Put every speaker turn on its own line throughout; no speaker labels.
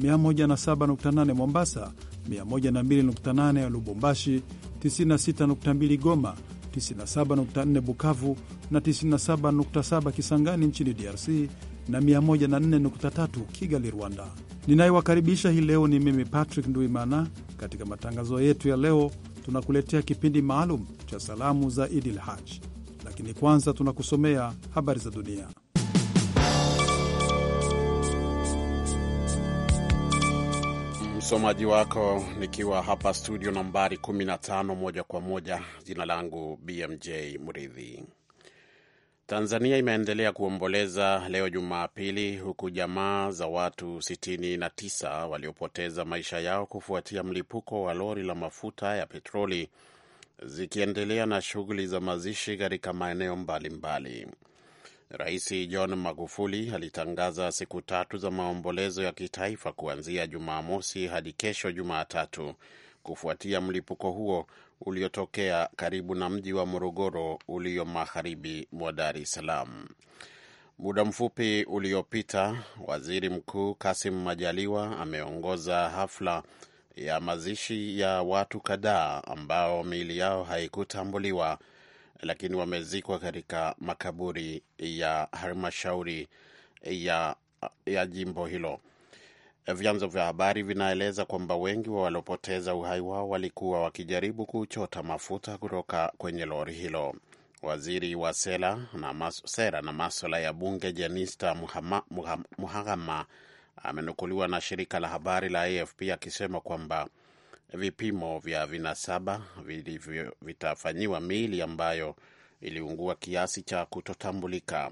107.8 Mombasa, 102.8 Lubumbashi, 96.2 Goma, 97.4 Bukavu na 97.7 Kisangani nchini DRC na 104.3 Kigali, Rwanda. Ninayewakaribisha hii leo ni mimi Patrick Nduimana. Katika matangazo yetu ya leo, tunakuletea kipindi maalum cha salamu za Idil
Haj, lakini kwanza
tunakusomea habari za dunia.
Msomaji wako nikiwa hapa studio nambari 15 moja kwa moja. Jina langu BMJ Mridhi. Tanzania imeendelea kuomboleza leo Jumapili, huku jamaa za watu 69 waliopoteza maisha yao kufuatia mlipuko wa lori la mafuta ya petroli zikiendelea na shughuli za mazishi katika maeneo mbalimbali mbali. Rais John Magufuli alitangaza siku tatu za maombolezo ya kitaifa kuanzia Jumamosi hadi kesho Jumatatu kufuatia mlipuko huo uliotokea karibu na mji wa Morogoro ulio magharibi mwa Dar es Salaam. Muda mfupi uliopita, Waziri Mkuu Kasim Majaliwa ameongoza hafla ya mazishi ya watu kadhaa ambao miili yao haikutambuliwa lakini wamezikwa katika makaburi ya halmashauri ya, ya jimbo hilo. Vyanzo vya habari vinaeleza kwamba wengi wa waliopoteza uhai wao walikuwa wakijaribu kuchota mafuta kutoka kwenye lori hilo. Waziri wa sera na maswala ya bunge Jenista Muhagama amenukuliwa na shirika la habari la AFP akisema kwamba vipimo vya vinasaba vilivyo vitafanyiwa miili ambayo iliungua kiasi cha kutotambulika.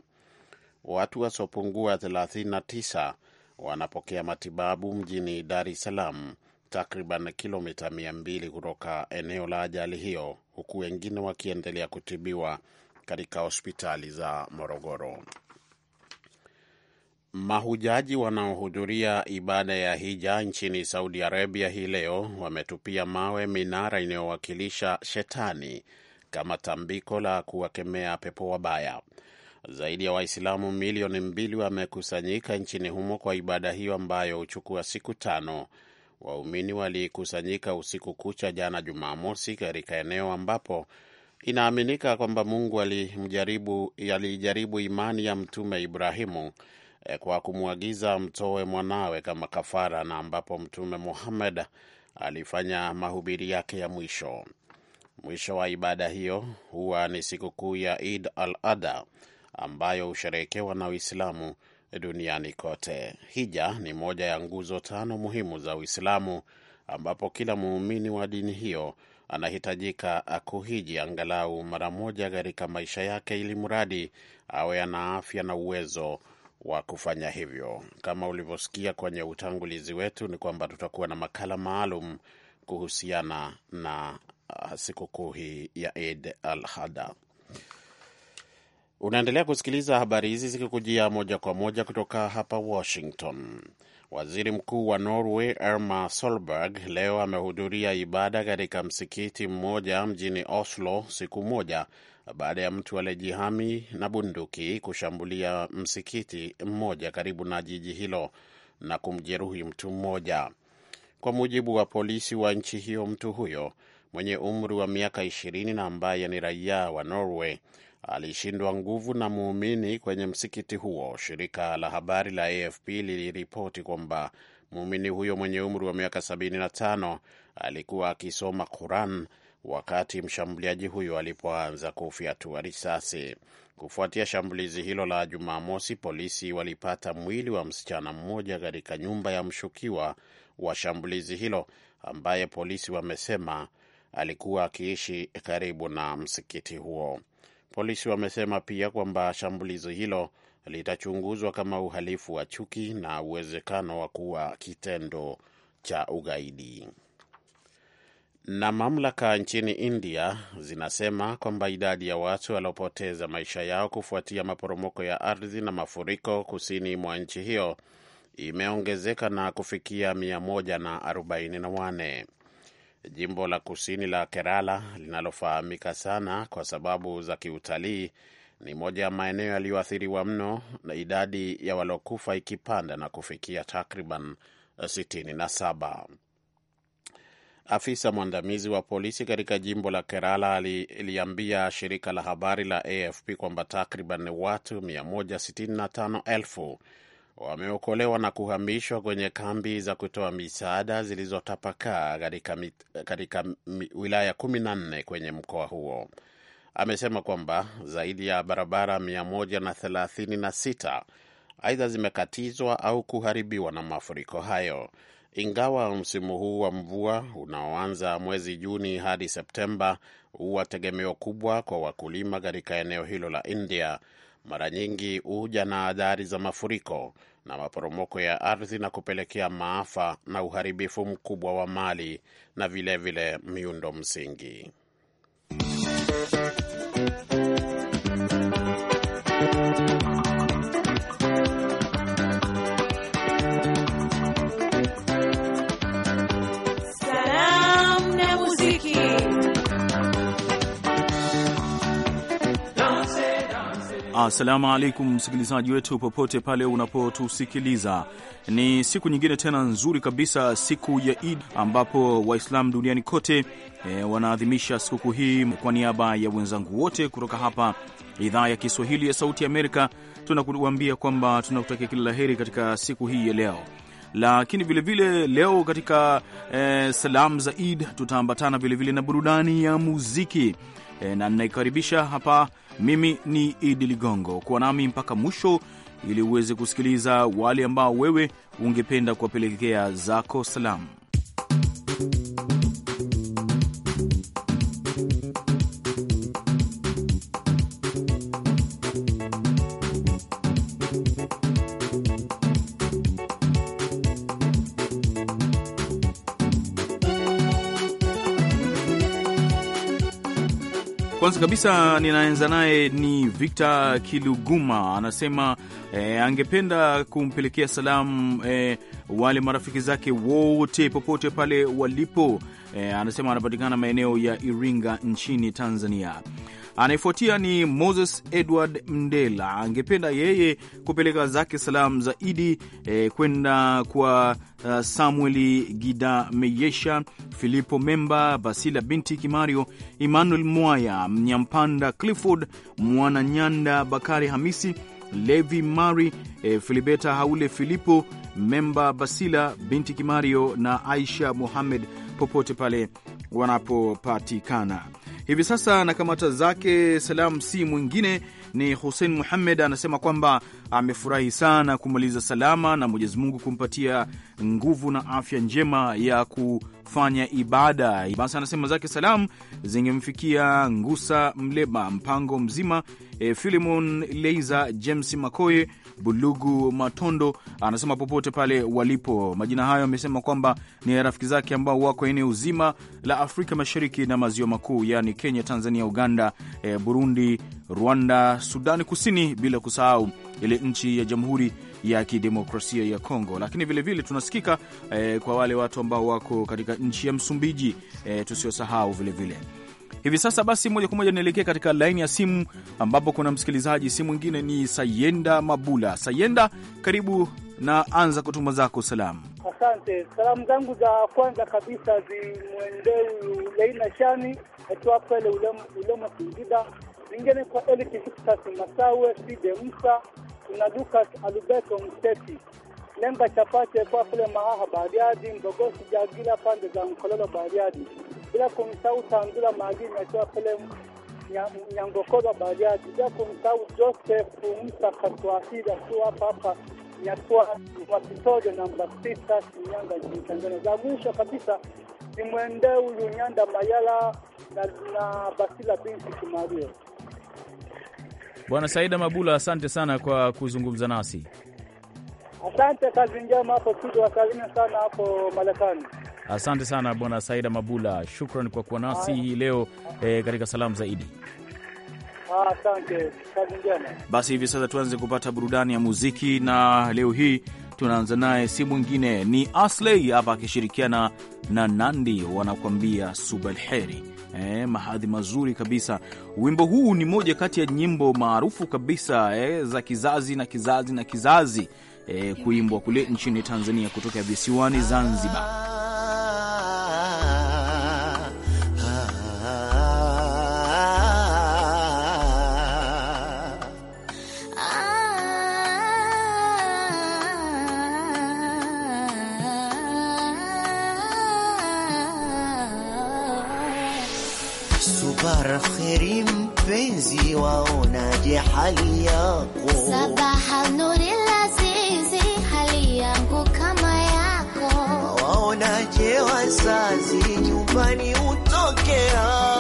Watu wasiopungua 39 wanapokea matibabu mjini Dar es Salaam, takriban kilomita 200 kutoka eneo la ajali hiyo, huku wengine wakiendelea kutibiwa katika hospitali za Morogoro. Mahujaji wanaohudhuria ibada ya hija nchini Saudi Arabia hii leo wametupia mawe minara inayowakilisha shetani kama tambiko la kuwakemea pepo wabaya. Zaidi ya Waislamu milioni mbili wamekusanyika nchini humo kwa ibada hiyo ambayo huchukua siku tano. Waumini walikusanyika usiku kucha jana Jumamosi katika eneo ambapo inaaminika kwamba Mungu alijaribu, alijaribu imani ya Mtume Ibrahimu E, kwa kumwagiza mtoe mwanawe kama kafara, na ambapo Mtume Muhammad alifanya mahubiri yake ya mwisho. Mwisho wa ibada hiyo huwa ni sikukuu ya id al-Adha ambayo husherehekewa na Uislamu duniani kote. Hija ni moja ya nguzo tano muhimu za Uislamu, ambapo kila muumini wa dini hiyo anahitajika kuhiji angalau mara moja katika maisha yake, ili mradi awe ana afya na uwezo wa kufanya hivyo. Kama ulivyosikia kwenye utangulizi wetu, ni kwamba tutakuwa na makala maalum kuhusiana na uh, sikukuu hii ya Eid al-Adha. Unaendelea kusikiliza habari hizi zikikujia moja kwa moja kutoka hapa Washington. Waziri Mkuu wa Norway erma Solberg leo amehudhuria ibada katika msikiti mmoja mjini Oslo siku moja baada ya mtu aliyejihami na bunduki kushambulia msikiti mmoja karibu na jiji hilo na kumjeruhi mtu mmoja. Kwa mujibu wa polisi wa nchi hiyo, mtu huyo mwenye umri wa miaka ishirini na ambaye ni raia wa Norway alishindwa nguvu na muumini kwenye msikiti huo. Shirika la habari la AFP liliripoti kwamba muumini huyo mwenye umri wa miaka 75 alikuwa akisoma Quran wakati mshambuliaji huyo alipoanza kufyatua risasi. Kufuatia shambulizi hilo la Jumamosi, polisi walipata mwili wa msichana mmoja katika nyumba ya mshukiwa wa shambulizi hilo ambaye polisi wamesema alikuwa akiishi karibu na msikiti huo. Polisi wamesema pia kwamba shambulizi hilo litachunguzwa kama uhalifu wa chuki na uwezekano wa kuwa kitendo cha ugaidi. Na mamlaka nchini India zinasema kwamba idadi ya watu waliopoteza maisha yao kufuatia maporomoko ya ardhi na mafuriko kusini mwa nchi hiyo imeongezeka na kufikia 144. Jimbo la kusini la Kerala linalofahamika sana kwa sababu za kiutalii ni moja ya maeneo yaliyoathiriwa mno, na idadi ya waliokufa ikipanda na kufikia takriban 67. Afisa mwandamizi wa polisi katika jimbo la Kerala aliliambia shirika la habari la AFP kwamba takriban watu 165,000 wameokolewa na kuhamishwa kwenye kambi za kutoa misaada zilizotapakaa katika, katika wilaya 14 kwenye mkoa huo. Amesema kwamba zaidi ya barabara 136 aidha zimekatizwa au kuharibiwa na mafuriko hayo ingawa msimu huu wa mvua unaoanza mwezi Juni hadi Septemba huwa tegemeo kubwa kwa wakulima katika eneo hilo la India, mara nyingi huja na adhari za mafuriko na maporomoko ya ardhi na kupelekea maafa na uharibifu mkubwa wa mali na vilevile vile miundo msingi.
Assalamu alaikum msikilizaji wetu popote pale unapotusikiliza, ni siku nyingine tena nzuri kabisa, siku ya Id ambapo waislam duniani kote e, wanaadhimisha sikukuu hii. Kwa niaba ya wenzangu wote kutoka hapa idhaa ya Kiswahili ya Sauti ya Amerika, tunakuambia kwamba tunakutakia kila la heri katika siku hii ya leo lakini vilevile leo katika e, salamu za Eid tutaambatana vilevile na burudani ya muziki e, na ninaikaribisha hapa mimi ni Idi Ligongo, kuwa nami mpaka mwisho ili uweze kusikiliza wale ambao wewe ungependa kuwapelekea zako salamu. Kwanza kabisa ninaanza naye ni Victor Kiluguma, anasema eh, angependa kumpelekea salamu eh, wale marafiki zake wote popote pale walipo. Eh, anasema anapatikana maeneo ya Iringa nchini Tanzania. Anayefuatia ni Moses Edward Mndela, angependa yeye kupeleka zake salamu za Idi eh, kwenda kwa uh, Samueli Gida Meyesha, Filipo Memba, Basila binti Kimario, Emmanuel Mwaya, Mnyampanda Clifford, Mwananyanda Bakari Hamisi, Levi Mari, eh, Filibeta Haule, Filipo Memba, Basila binti Kimario na Aisha muhammed popote pale wanapopatikana hivi sasa, na kamata zake salamu si mwingine ni Hussein Muhammed, anasema kwamba amefurahi sana kumaliza salama na Mwenyezi Mungu kumpatia nguvu na afya njema ya kufanya ibada. Basi anasema zake salamu zingemfikia Ngusa Mleba, mpango mzima, e, eh, Filimon Leiza, James Makoye Bulugu Matondo anasema popote pale walipo. Majina hayo amesema kwamba ni rafiki zake ambao wako eneo zima la Afrika Mashariki na maziwa makuu, yaani Kenya, Tanzania, Uganda, e, Burundi, Rwanda, Sudani Kusini, bila kusahau ile nchi ya Jamhuri ya Kidemokrasia ya Kongo. Lakini vilevile vile tunasikika e, kwa wale watu ambao wako katika nchi ya Msumbiji, e, eh, tusiosahau vilevile vile hivi sasa. Basi moja kwa moja nielekee katika laini ya simu ambapo kuna msikilizaji, si mwingine ni Sayenda Mabula. Sayenda, karibu na anza kutuma zako salamu.
Asante. Salamu zangu za kwanza kabisa zimwendee Leina Shani akiwa pale Ulema Singida, zingine kwa Elikivitas Masawe Side Msa, kuna Lukas Alubeto mseti Lemba Chapate kwa kule Mahaha Bariadi, Mdogosi jagila pande za Mkololo Bariadi bila kumsahau Tandula Magini akiwa pale Nyangokoba Bariadi, bila kumsahau Joseph Musa Katwahili akiwa hapa hapa Nyatua wa Kitojo namba sita Shinyanga nchini Tanzania. Za mwisho kabisa ni huyu Nyanda Mayala na, na Basila binti Kimario.
Bwana Saida Mabula, asante sana kwa kuzungumza nasi.
Asante, kazi njema hapo studio. Wasalimia sana hapo Marekani.
Asante sana Bwana Saida Mabula, shukran kwa kuwa nasi hii leo e, katika salamu zaidi.
Ah, asante kazi
njema. Basi hivi sasa tuanze kupata burudani ya muziki, na leo hii tunaanza naye, si mwingine ni Asley hapa akishirikiana na Nandi, wanakuambia subelheri. Eh, mahadhi mazuri kabisa. Wimbo huu ni moja kati ya nyimbo maarufu kabisa eh, za kizazi na kizazi na kizazi eh, kuimbwa kule nchini Tanzania kutokea visiwani Zanzibar. wapenzi waonaje hali yako? Sabaha nuri lazizi, hali yangu kama yako. Waonaje wazazi, nyumbani utokea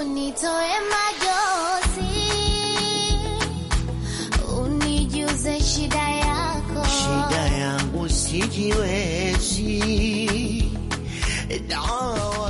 bonito unitoe majozi, unijuze shida yako. Shida yangu sijiwezi, dawa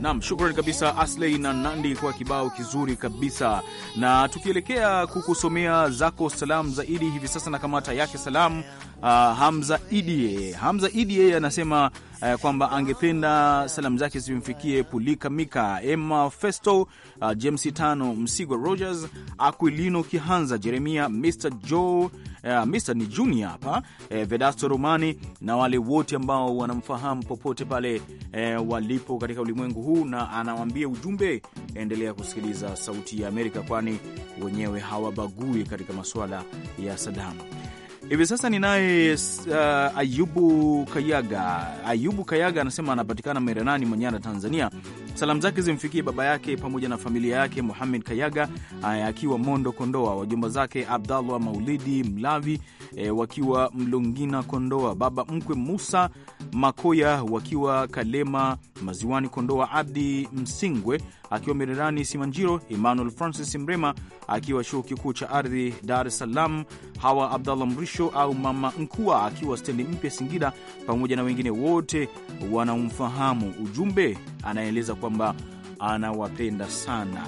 Naam, shukrani kabisa Asley na Nandi kwa kibao kizuri kabisa, na tukielekea kukusomea zako salamu zaidi hivi sasa, na kamata yake salamu uh, Hamza Idie. Hamza Idie anasema uh, kwamba angependa salamu zake zimfikie Pulika Mika, Emma Festo, uh, James Tano, Msigwa Rogers, Aquilino Kihanza, Jeremia, Mr Joe, uh, eh, Mr ni Junior hapa, eh, Vedasto Romani na wale wote ambao wanamfahamu popote pale eh, walipo katika ulimwengu huu, na anawaambia ujumbe, endelea kusikiliza Sauti ya Amerika, kwani wenyewe hawabagui katika masuala ya Sadamu. Hivi sasa ninaye uh, Ayubu Kayaga. Ayubu Kayaga anasema anapatikana Merenani, Manyara, Tanzania. Salamu zake zimfikie baba yake pamoja na familia yake Muhamed Kayaga uh, akiwa Mondo Kondoa, wajomba zake Abdallah Maulidi Mlavi e, wakiwa Mlongina Kondoa, baba mkwe Musa Makoya wakiwa Kalema Maziwani Kondoa, Abdi Msingwe akiwa Mererani Simanjiro, Emmanuel Francis Mrema akiwa chuo kikuu cha ardhi Dar es Salaam, Hawa Abdallah Mrisho au Mama Nkua akiwa stendi mpya Singida, pamoja na wengine wote wanaomfahamu. Ujumbe anaeleza kwamba anawapenda sana.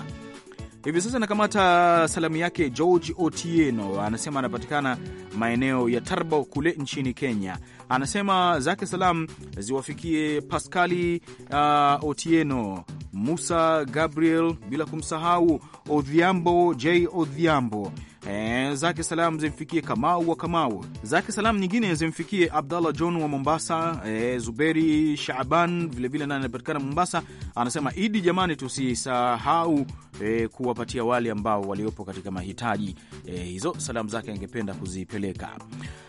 Hivi sasa nakamata salamu yake George Otieno, anasema anapatikana maeneo ya Tarbo kule nchini Kenya. Anasema zake salamu ziwafikie Paskali uh, Otieno Musa Gabriel, bila kumsahau Odhiambo J Odhiambo. E, zake salamu zimfikie Kamau wa Kamau, zake salamu nyingine zimfikie Abdallah John wa Mombasa, e, Zuberi shaban vilevile naye anapatikana Mombasa. Anasema Idi jamani, tusisahau e, kuwapatia wale ambao waliopo katika mahitaji e, hizo salamu zake angependa kuzipeleka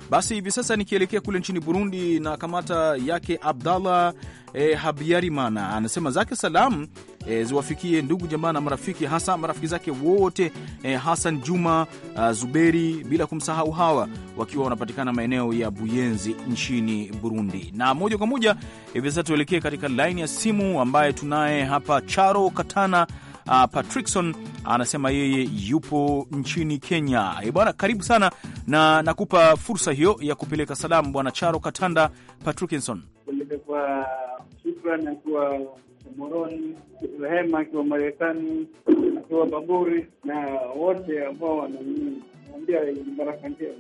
basi hivi sasa nikielekea kule nchini Burundi na kamata yake Abdallah e, Habyarimana anasema zake salamu e, ziwafikie ndugu jamaa na marafiki, hasa marafiki zake wote e, eh, Hasan Juma a, ah, Zuberi, bila kumsahau hawa wakiwa wanapatikana maeneo ya Buyenzi nchini Burundi. Na moja kwa moja hivi sasa tuelekee katika laini ya simu ambaye tunaye hapa Charo Katana uh, Patrickson anasema yeye yupo nchini Kenya. E bwana, karibu sana na nakupa fursa hiyo ya kupeleka salamu bwana Charo Katanda Patrickinson
akiwa Moroni, rehema akiwa Marekani, akiwa Baburi na wote ambao wananiambia baraka njema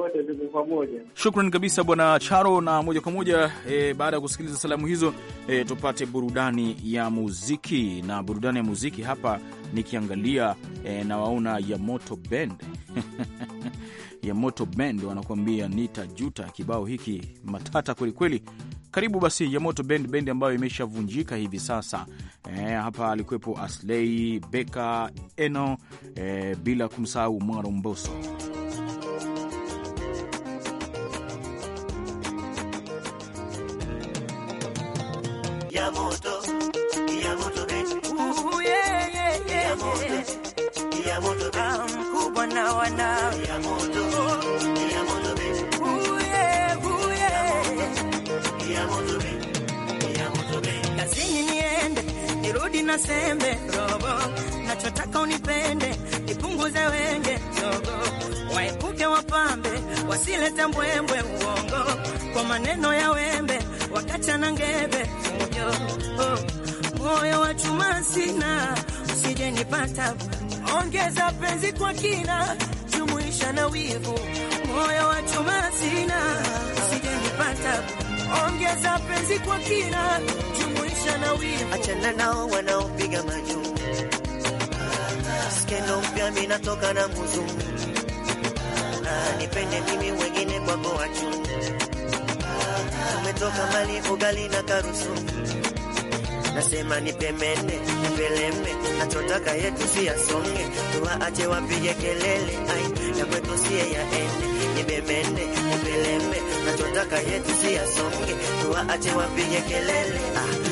wote tuko pamoja.
Shukran kabisa Bwana Charo, na moja kwa moja e, baada ya kusikiliza salamu hizo e, tupate burudani ya muziki na burudani ya muziki hapa nikiangalia e, na waona ya moto bend ya moto bend wanakuambia nitajuta. Kibao hiki matata kwelikweli. Karibu basi ya moto bend, bendi ambayo imeshavunjika hivi sasa e, hapa alikuwepo Aslei Beka Eno e, bila kumsahau Mwaro Mboso. sina sembe robo, nachotaka unipende, nipunguze wenge robo, waepuke wapambe, wasilete mbwembwe uongo, kwa maneno ya wembe wakachana ngebe ujo, oh, moyo wa chuma sina, usije nipata, ongeza penzi kwa kina, jumuisha na wivu, moyo wa chuma sina, usije nipata, ongeza penzi kwa kina
achana nao wanaopiga majuu, skendo mpya natoka na muzu na ah, nipende mimi wengine kwako wachu, umetoka mali ugali na karusu, nasema nipemene nipeleme, nachotaka yetu si yasonge, tuwaache wapige kelele, ai ya kwetu siye yaende, nipemene nipeleme, nachotaka yetu si yasonge, tuwaache wapige kelele ah.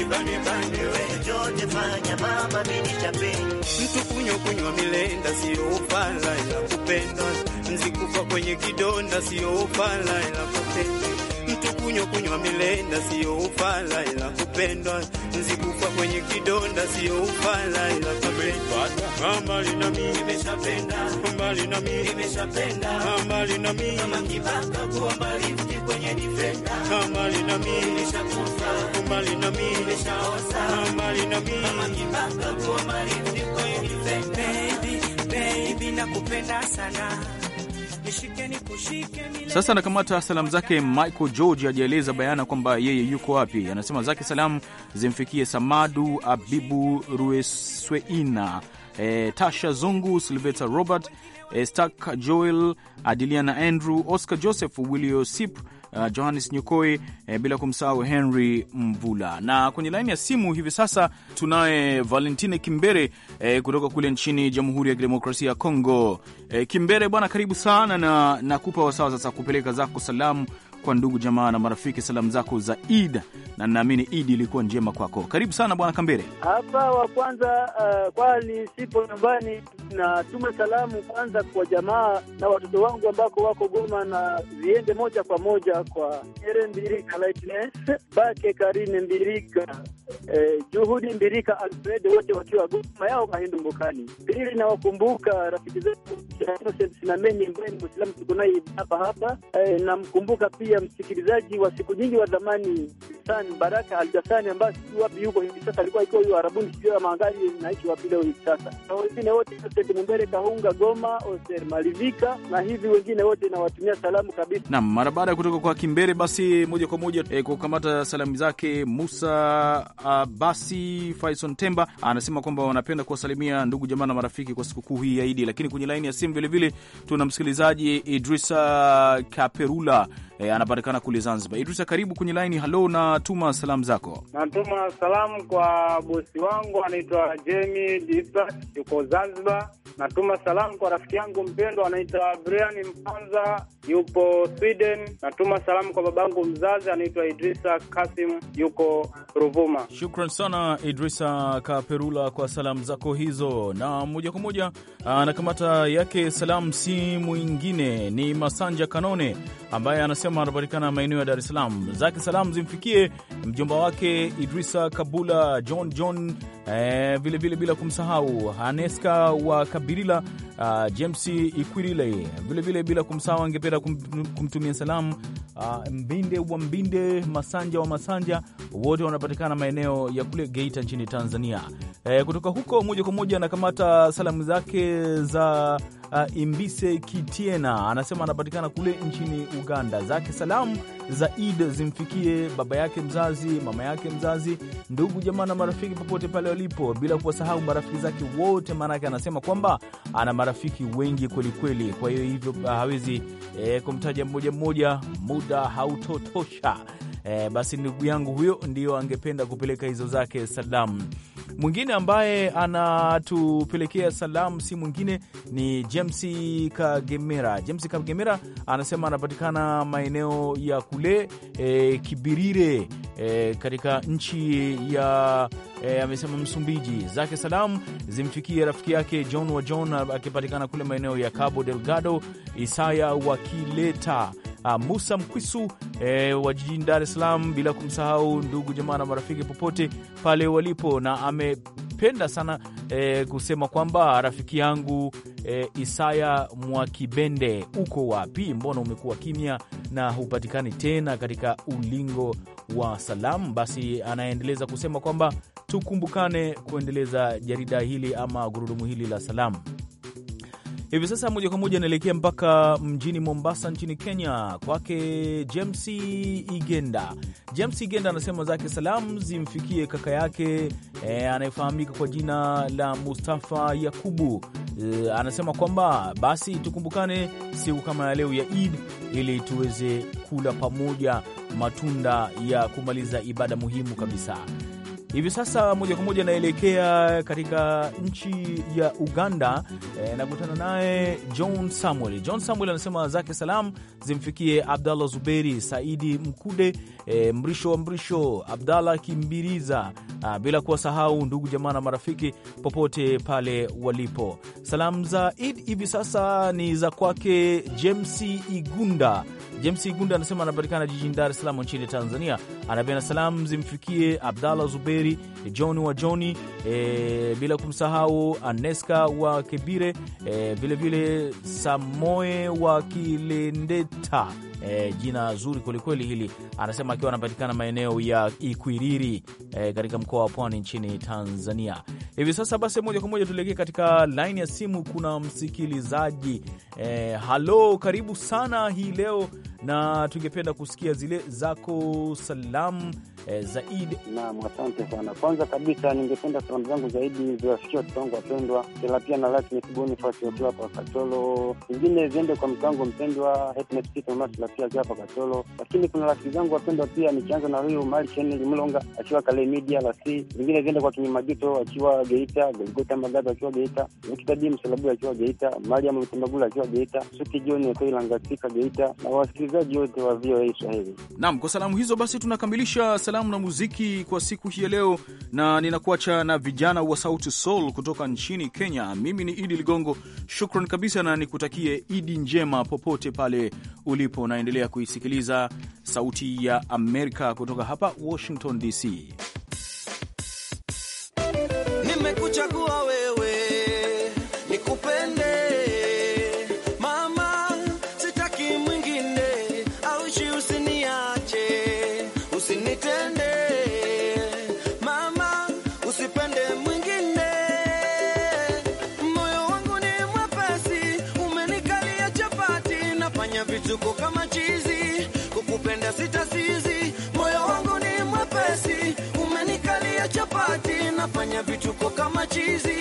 Mtu kunywa kunywa milenda
siyo ufala ila kupenda, nzi kwenye kidonda siyo ufala ila kupenda. Mtu kunywa kunywa milenda siyo ufala ila kupenda, nzi kwenye kidonda siyo ufala ila kupenda. Mbali na mimi nimeshapenda, mbali na mimi nimeshapenda, mbali na mimi kama kibaka kuwa mbali nakupenda sana sasa anakamata salamu zake Michael George, ajaeleza bayana kwamba yeye yuko wapi. Anasema zake salamu zimfikie Samadu Abibu Ruesweina, e, Tasha Zungu, Silveta Robert, e, eh, Stak Joel, Adiliana Andrew, Oscar Joseph Willio Sip Uh, Johannes Nyokoi eh, bila kumsahau Henry Mvula. Na kwenye laini ya simu hivi sasa tunaye Valentine Kimbere eh, kutoka kule nchini Jamhuri ya Kidemokrasia ya Kongo. Eh, Kimbere bwana, karibu sana na nakupa wasawa sasa kupeleka zako salamu kwa ndugu jamaa na marafiki, salamu zako za Eid, na ninaamini Eid ilikuwa njema kwako. Karibu sana Bwana Kambere. Hapa wa kwanza uh, kwani sipo nyumbani, natuma
salamu kwanza kwa jamaa na watoto wangu ambako wako Goma, na ziende moja kwa moja kwa Ere Mbirika Lightness Bake Karine Mbirika eh, Juhudi Mbirika Alfred wote wakiwa Goma yao Kahindu Mbukani. Pili nawakumbuka
rafiki zetu Sinameni ambaye ni Muislamu tuko naye hapa hapa. Eh, namkumbuka pia msikilizaji wa siku nyingi wa zamani San Baraka Aljasani ambaye sijui wapi yuko
hivi sasa, alikuwa iko huyo Arabuni, sijui ya mangali naishi wapi leo hivi sasa, na wengine wote Mbere Kahunga Goma Oser Malivika na hivi wengine wote nawatumia salamu kabisa.
Naam, mara baada ya kutoka kwa Kimbere, basi moja kwa moja eh, kukamata salamu zake Musa Uh, basi Faison Temba anasema kwamba wanapenda kuwasalimia ndugu jamaa na marafiki kwa sikukuu hii ya Idi, lakini kwenye laini ya simu vilevile tuna msikilizaji Idrisa Kaperula e, anapatikana kule Zanzibar. Idrisa, karibu kwenye laini. Halo, natuma salamu zako.
Natuma salamu kwa bosi wangu anaitwa Jemi Disa, yuko Zanzibar. Natuma salamu kwa rafiki yangu mpendwa anaitwa Brian Mpanza yupo Sweden. Natuma salamu kwa babangu mzazi anaitwa Idrisa Kasim, yuko Ruvuma. Shukran
sana Idrisa Kaperula kwa salamu zako hizo, na moja kwa moja anakamata ah, yake salamu, si mwingine ni Masanja Kanone ambaye anasema anapatikana maeneo ya Dar es Salaam. Zake salamu zimfikie mjomba wake Idrisa Kabula John John, eh, vilevile bila kumsahau Haneska wa Kabirila, uh, James Ikwirile vilevile bila kumsahau angependa kum, kumtumia salamu uh, Mbinde wa Mbinde, Masanja wa Masanja, wote wanapatikana maeneo ya kule Geita nchini Tanzania. E, kutoka huko moja kwa moja anakamata salamu zake za uh, Imbise Kitiena, anasema anapatikana kule nchini Uganda. Zake salamu za Eid zimfikie baba yake mzazi, mama yake mzazi, ndugu jamaa na marafiki popote pale walipo, bila kuwasahau marafiki zake wote, maanake anasema kwamba ana marafiki wengi kwelikweli. Kwa hiyo hivyo ah, hawezi e, kumtaja mmoja mmoja, muda hautotosha. E, basi ndugu yangu huyo ndiyo angependa kupeleka hizo zake salamu. Mwingine ambaye anatupelekea salamu si mwingine ni James Kagemera. James Kagemera anasema anapatikana maeneo ya kule e, Kibirire e, katika nchi ya e, amesema Msumbiji. Zake salamu zimfikie rafiki yake John wa John akipatikana kule maeneo ya Cabo Delgado, Isaya Wakileta uh, Musa Mkwisu eh, wa jijini Dar es Salaam, bila kumsahau ndugu jamaa na marafiki popote pale walipo, na amependa sana eh, kusema kwamba rafiki yangu eh, Isaya Mwakibende, uko wapi? Mbona umekuwa kimya na hupatikani tena katika ulingo wa salamu? Basi anaendeleza kusema kwamba tukumbukane kuendeleza jarida hili ama gurudumu hili la salamu. Hivi sasa moja kwa moja anaelekea mpaka mjini Mombasa nchini Kenya, kwake James Igenda. James Igenda anasema zake salamu zimfikie kaka yake e, anayefahamika kwa jina la Mustafa Yakubu. E, anasema kwamba basi tukumbukane siku kama ya leo ya Id ili tuweze kula pamoja matunda ya kumaliza ibada muhimu kabisa. Hivi sasa moja kwa moja naelekea katika nchi ya Uganda e, nakutana naye John Samuel. John Samuel anasema zake salam zimfikie Abdallah Zuberi Saidi Mkude, e, Mrisho wa Mrisho, Abdallah Kimbiriza, a, ah, bila kuwasahau ndugu jamaa na marafiki popote pale walipo. Salamu za Id hivi sasa ni za kwake James Igunda James Igunda anasema anapatikana jijini Dar es Salaam nchini Tanzania. Anapenda salamu zimfikie Abdallah Zuberi John wa Johni e, bila kumsahau Aneska wa Kebire vilevile e, Samoe wa Kilendeta e, jina zuri kwelikweli hili, anasema akiwa anapatikana maeneo ya Ikwiriri e, katika mkoa wa Pwani nchini Tanzania hivi sasa. Basi moja kwa moja tuelekee katika laini ya simu, kuna msikilizaji e, halo, karibu sana hii leo, na tungependa kusikia zile zako salamu e, zaidi.
Naam, asante sana. Kwanza kabisa ningependa salamu zangu zaidi ziwafikia watoto wangu wapendwa Kelapia na Latmik Bonifasi wakiwa hapa Katolo, zingine ziende kwa mke mpendwa Hetmet Lapia akiwa hapa Katolo, lakini kuna rafiki zangu wapendwa pia nikianza na huyu Mali Cheneli Mlonga akiwa Kale Media Lasi, zingine ziende kwa Kinyumajito akiwa Geita, Golgota Magaza akiwa Geita, Mkitabii Msalabu akiwa Geita, Mariam Mtembagula akiwa Geita, Suki Joni akiwa Langasika Geita, na wasikilizaji wote wa VOA Swahili.
Naam, kwa salamu hizo basi tunakamilisha salamu na muziki kwa siku hii ya leo, na ninakuacha na vijana wa Sauti Sol kutoka nchini Kenya. Mimi ni Idi Ligongo, shukran kabisa na nikutakie Idi njema popote pale ulipo. Naendelea kuisikiliza Sauti ya Amerika kutoka hapa Washington DC. Nimekuchagua we anafanya vituko kama chizi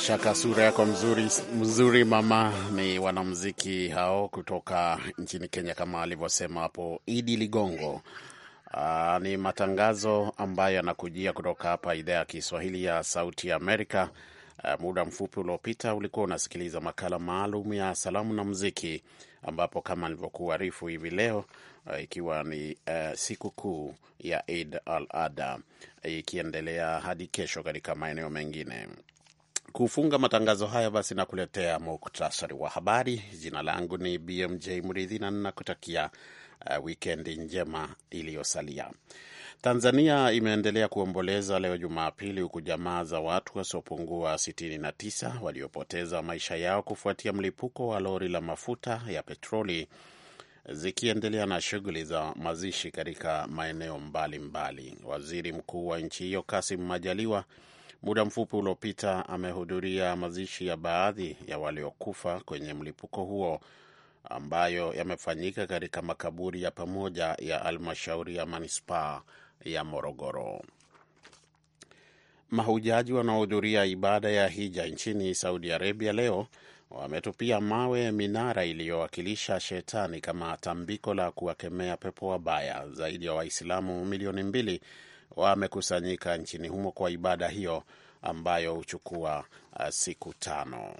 shaka sura yako mzuri, mzuri mama. Ni wanamuziki hao kutoka nchini Kenya kama alivyosema hapo Idi Ligongo. Aa, ah, ni matangazo ambayo yanakujia kutoka hapa idhaa ya Kiswahili ya Sauti ya Amerika. Aa, ah, muda mfupi uliopita ulikuwa unasikiliza makala maalum ya salamu na muziki, ambapo kama nilivyokuarifu hivi leo ah, ikiwa ni uh, eh, siku kuu ya Eid al-Adha ikiendelea hadi kesho katika maeneo mengine kufunga matangazo haya basi nakuletea muktasari wa habari. Jina langu ni BMJ Mridhi na ninakutakia uh, wikendi njema iliyosalia. Tanzania imeendelea kuomboleza leo Jumapili, huku jamaa za watu wasiopungua 69 waliopoteza maisha yao kufuatia mlipuko wa lori la mafuta ya petroli zikiendelea na shughuli za mazishi katika maeneo mbalimbali Waziri Mkuu wa nchi hiyo Kasim Majaliwa muda mfupi uliopita amehudhuria mazishi ya baadhi ya waliokufa kwenye mlipuko huo ambayo yamefanyika katika makaburi ya pamoja ya halmashauri ya manispaa ya Morogoro. Mahujaji wanaohudhuria ibada ya hija nchini Saudi Arabia leo wametupia mawe minara iliyowakilisha shetani kama tambiko la kuwakemea pepo wabaya. Zaidi ya Waislamu milioni mbili wamekusanyika nchini humo kwa ibada hiyo ambayo huchukua uh, siku tano.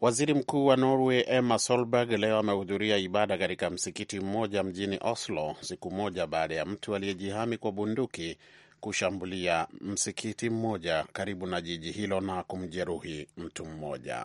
Waziri Mkuu wa Norway emma Solberg leo amehudhuria ibada katika msikiti mmoja mjini Oslo siku moja baada ya mtu aliyejihami kwa bunduki kushambulia msikiti mmoja karibu na jiji hilo na kumjeruhi mtu mmoja.